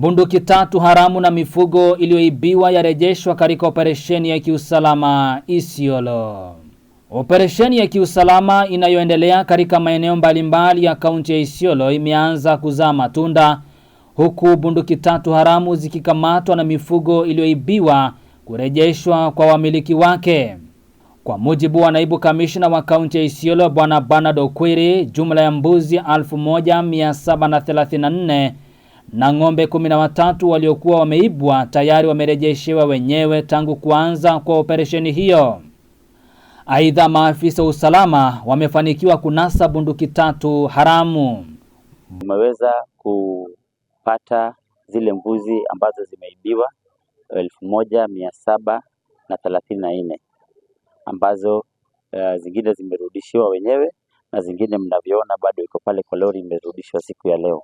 Bunduki tatu haramu na mifugo iliyoibiwa yarejeshwa katika operesheni ya kiusalama Isiolo. Operesheni ya kiusalama inayoendelea katika maeneo mbalimbali ya kaunti ya Isiolo imeanza kuzaa matunda huku bunduki tatu haramu zikikamatwa na mifugo iliyoibiwa kurejeshwa kwa wamiliki wake. Kwa mujibu wa naibu kamishna wa kaunti ya Isiolo Bwana Bernard Okwiri, jumla ya mbuzi 1734 na ng'ombe kumi na watatu waliokuwa wameibwa tayari wamerejeshewa wenyewe tangu kuanza kwa operesheni hiyo. Aidha, maafisa wa usalama wamefanikiwa kunasa bunduki tatu haramu. Umeweza kupata zile mbuzi ambazo zimeibiwa elfu moja mia saba na thelathini na nne ambazo uh, zingine zimerudishiwa wenyewe na zingine mnavyoona bado iko pale kwa lori imerudishwa siku ya leo.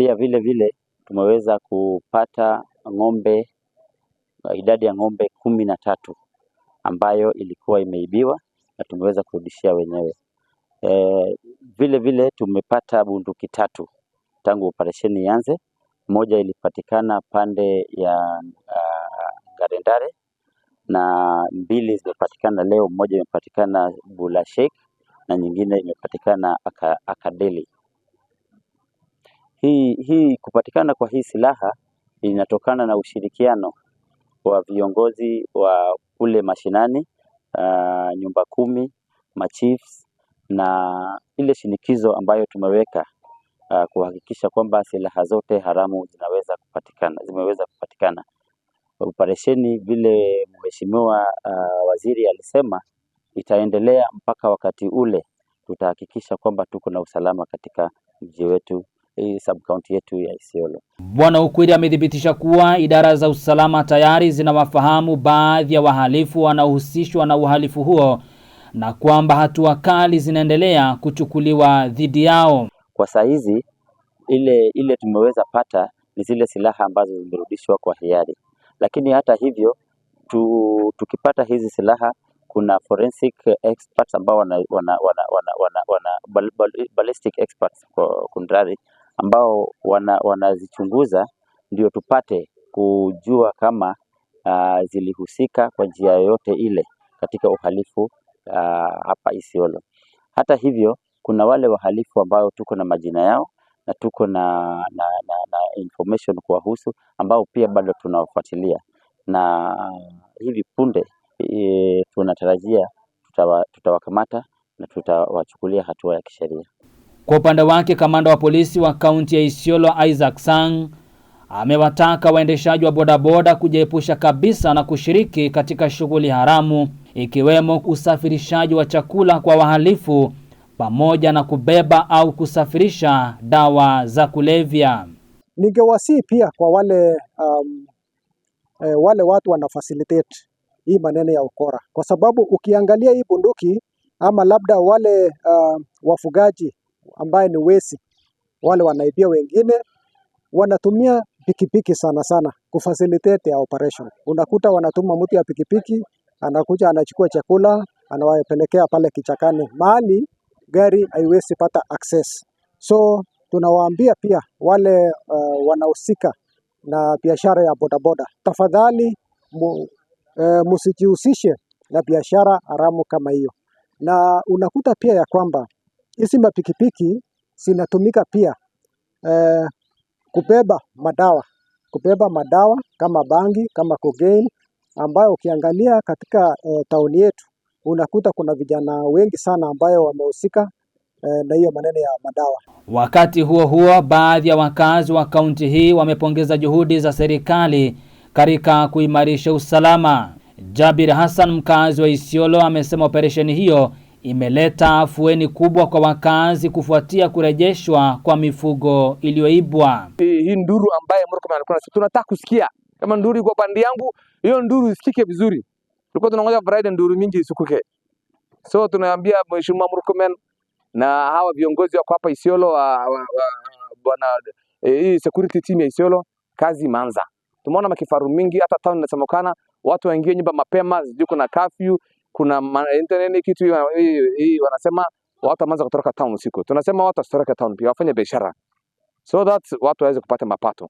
Pia vile vile tumeweza kupata ng'ombe, uh, idadi ya ng'ombe kumi na tatu ambayo ilikuwa imeibiwa na tumeweza kurudishia wenyewe. Eh, vile vile tumepata bunduki tatu tangu operesheni ianze. Moja ilipatikana pande ya uh, Garendare na mbili zimepatikana leo, moja imepatikana Bulashek na nyingine imepatikana Akadeli. Hii, hii kupatikana kwa hii silaha inatokana na ushirikiano wa viongozi wa kule mashinani, uh, nyumba kumi, machiefs na ile shinikizo ambayo tumeweka uh, kuhakikisha kwamba silaha zote haramu zinaweza kupatikana, zimeweza kupatikana. Operesheni vile mheshimiwa uh, waziri alisema itaendelea mpaka wakati ule tutahakikisha kwamba tuko na usalama katika mji wetu hii subcounty yetu ya Isiolo. Bwana Ukwiri amethibitisha kuwa idara za usalama tayari zinawafahamu baadhi ya wahalifu wanaohusishwa na uhalifu huo na kwamba hatua kali zinaendelea kuchukuliwa dhidi yao. Kwa saa hizi ile ile tumeweza pata ni zile silaha ambazo zimerudishwa kwa hiari, lakini hata hivyo tu, tukipata hizi silaha kuna forensic experts ambao wana, wana, wana, wana, wana, wana ballistic experts kwa kundrari ambao wanazichunguza ndio tupate kujua kama uh, zilihusika kwa njia yoyote ile katika uhalifu uh, hapa Isiolo. Hata hivyo kuna wale wahalifu ambao tuko na majina yao na tuko na, na, na, na information kuwahusu ambao pia bado tunawafuatilia na hivi punde e, tunatarajia tutawakamata tutawa na tutawachukulia hatua ya kisheria. Kwa upande wake, kamanda wa polisi wa kaunti ya Isiolo Isaac Sang amewataka waendeshaji wa bodaboda kujiepusha kabisa na kushiriki katika shughuli haramu ikiwemo usafirishaji wa chakula kwa wahalifu pamoja na kubeba au kusafirisha dawa za kulevya. Ningewasii pia kwa wale um, e, wale watu wana facilitate hii maneno ya ukora, kwa sababu ukiangalia hii bunduki ama labda wale uh, wafugaji ambaye ni wezi, wale wanaibia wengine, wanatumia pikipiki sana sana kufacilitate operation. Unakuta wanatuma mtu ya pikipiki, anakuja anachukua chakula anawapelekea pale kichakani, mahali gari haiwezi pata access. So tunawaambia pia wale uh, wanahusika na biashara ya bodaboda, tafadhali musijihusishe eh, uh, na biashara haramu kama hiyo, na unakuta pia ya kwamba Hizi mapikipiki zinatumika pia eh, kubeba madawa, kubeba madawa kama bangi, kama kokeini ambayo ukiangalia katika eh, tauni yetu unakuta kuna vijana wengi sana ambayo wamehusika eh, na hiyo maneno ya madawa. Wakati huo huo, baadhi ya wakazi wa kaunti hii wamepongeza juhudi za serikali katika kuimarisha usalama. Jabir Hassan mkazi wa Isiolo amesema operesheni hiyo imeleta afueni kubwa kwa wakazi kufuatia kurejeshwa kwa mifugo iliyoibwa. Hii nduru ambaye tunataka kusikia kama nduru iko pande yangu, hiyo nduru isikike vizuri. Tulikuwa tunangoja variety nduru mingi isukuke, so tunaambia mheshimiwa Murkomen na hawa viongozi wako hapa Isiolo wa, wa, wa, bwana eh, hii e, security team ya Isiolo kazi imeanza. Tumeona makifaru mingi hata town inasemekana watu waingie nyumba mapema, sijui kuna curfew kuna nini kitu hii wanasema watu wameanza kutoroka town usiku. Tunasema watu wasitoroke town pia, wafanye biashara so that watu waweze kupata mapato.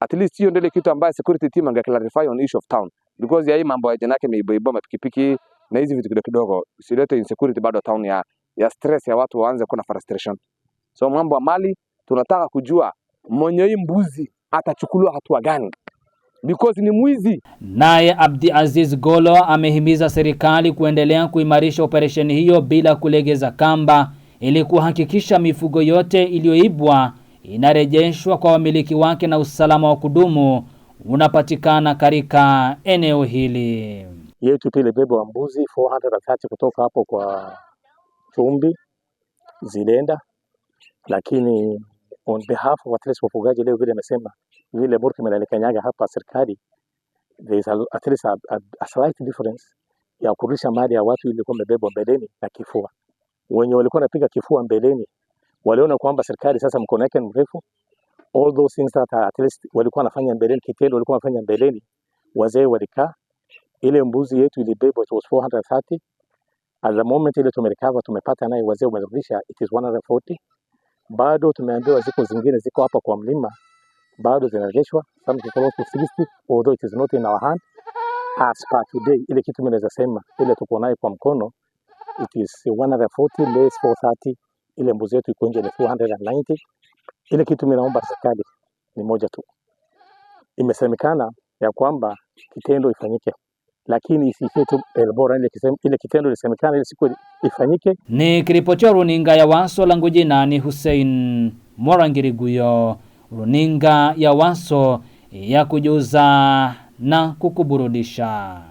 At least hiyo ndio kitu ambayo security team anga clarify on issue of town because ya hii mambo ya jana yake imeiboiboa mapikipiki na hizi vitu kidogo kidogo, usilete insecurity bado town ya ya stress ya watu waanze kuna frustration. So mambo ya mali tunataka kujua mwenye hii mbuzi atachukuliwa hatua gani? because ni mwizi. Naye Abdi Aziz Golo amehimiza serikali kuendelea kuimarisha operesheni hiyo bila kulegeza kamba ili kuhakikisha mifugo yote iliyoibwa inarejeshwa kwa wamiliki wake na usalama wa kudumu unapatikana katika eneo hili. Yetu tu wa mbuzi 430 kutoka hapo kwa Chumbi zilienda, lakini on behalf of wafugaji leo vile amesema vile Burkina alikanyaga hapa serikali, there is a, at least a, a, a slight difference ya kurudisha mali ya watu ilikuwa imebebwa mbeleni na kifua. Wenye walikuwa wanapiga kifua mbeleni waliona kwamba serikali sasa mkono wake mrefu, all those things that at least walikuwa wanafanya mbeleni, kitendo walikuwa wanafanya mbeleni, wazee walikaa. Ile mbuzi yetu ilibebwa, it was 430 at the moment, ile tumerecover tumepata naye, wazee wamerudisha, it is 140 bado tumeambiwa ziko zingine ziko hapa kwa mlima bado zinarejeshwa some supposed to 60 although it is not in our hand as per today. Ile kitu mimi naweza sema ile tuko nayo kwa mkono it is 140 less 430, ile mbuzi yetu iko nje ni 490. Ile kitu mimi naomba serikali ni moja tu, imesemekana ya kwamba kitendo ifanyike lakini isikie tu elbora ile, ile kitendo ilisemekana ile siku ifanyike. Nikiripotia runinga ya Waso langu jina ni Hussein Morangiriguyo runinga ya Waso ya kujuza na kukuburudisha.